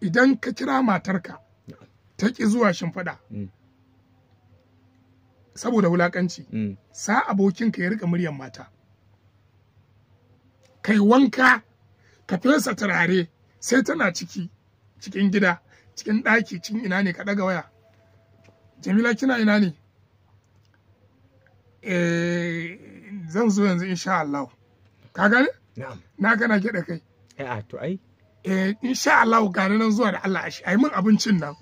idan ka kira matarka ta ƙi zuwa shimfiɗa mm. saboda wulaƙanci mm. sa abokinka ya rika muryan mata kai wanka ka fesa turare sai tana ciki cikin gida cikin ɗaki cikin ina ne ka ɗaga waya jamila kina ina ne eh, zan zo yanzu insha Allah ka gane na kana kiɗa kai eh to ai eh sha Allah ga nan zuwa da Allah ashi ai min abincin nan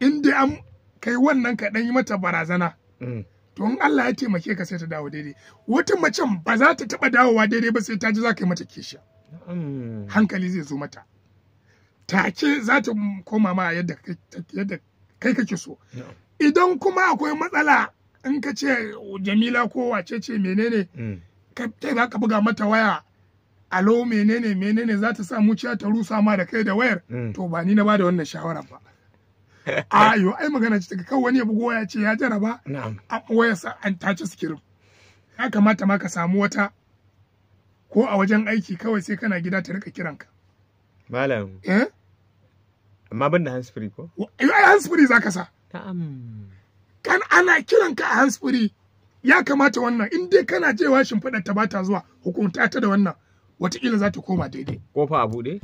in dai an kai wannan ka dan yi mata barazana mm. to in Allah ya taimake ka sai ta dawo daidai wata macen ba za ta taba dawowa daidai ba sai ta ji za ka yi mata kishiya hankali zai zo mata take za ta koma ma yadda yadda kai kake so idan kuma akwai matsala in ka ce jamila ko wace ce menene mm. kai za ka buga mata waya alo menene menene za ta sa muciya ta rusa ma da kai da wayar mm. to ba ni na bada wannan shawara ba ayo ah, ai magana ce kan wani ya bugo ya ce ya jaraba a sa an tace sikirin ya kamata ma ka samu wata ko a wajen aiki kawai sai kana gida ta rika kiranka malam eh amma ban da hands free ko ai hands free zaka sa na'am kan ana kiranka a hands free ya kamata wannan in dai kana jewa shimfiɗar ta bata zuwa hukunta ta da wannan watakila za ta koma daidai kofa a buɗe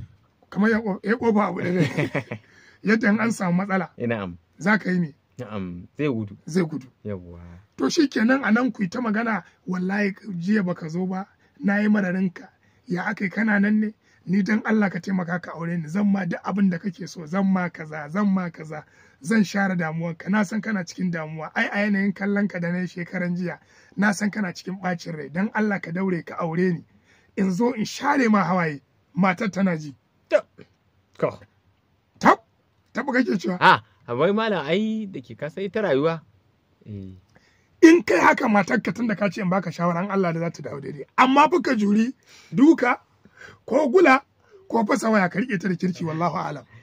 kamar ya kofa a buɗe yadda an samu matsala eh, na'am za ka yi ne na'am zai gudu zai gudu yawwa to shikenan a nan ku ta magana wallahi jiya baka zo ba na yi ka. ya aka kana nan ne ni dan Allah ka taimaka ka aure ni zan ma duk abin da kake so zan ma kaza zan ma kaza zan share ka. na san kana cikin damuwa ai a yanayin kallon ka da na shekaran jiya na san kana cikin bacin rai dan Allah ka daure ka aure ni in zo in share ma hawaye matar tana ji tab tab ke cewa a ah, wai malam ai da ke kasa ita rayuwa eh. in kai haka matar ka tunda ka ce in baka shawaran Allah da za ta dawo daidai amma buka juri duka ko gula ko fasa waya ka rike ta da kirki wallahu alam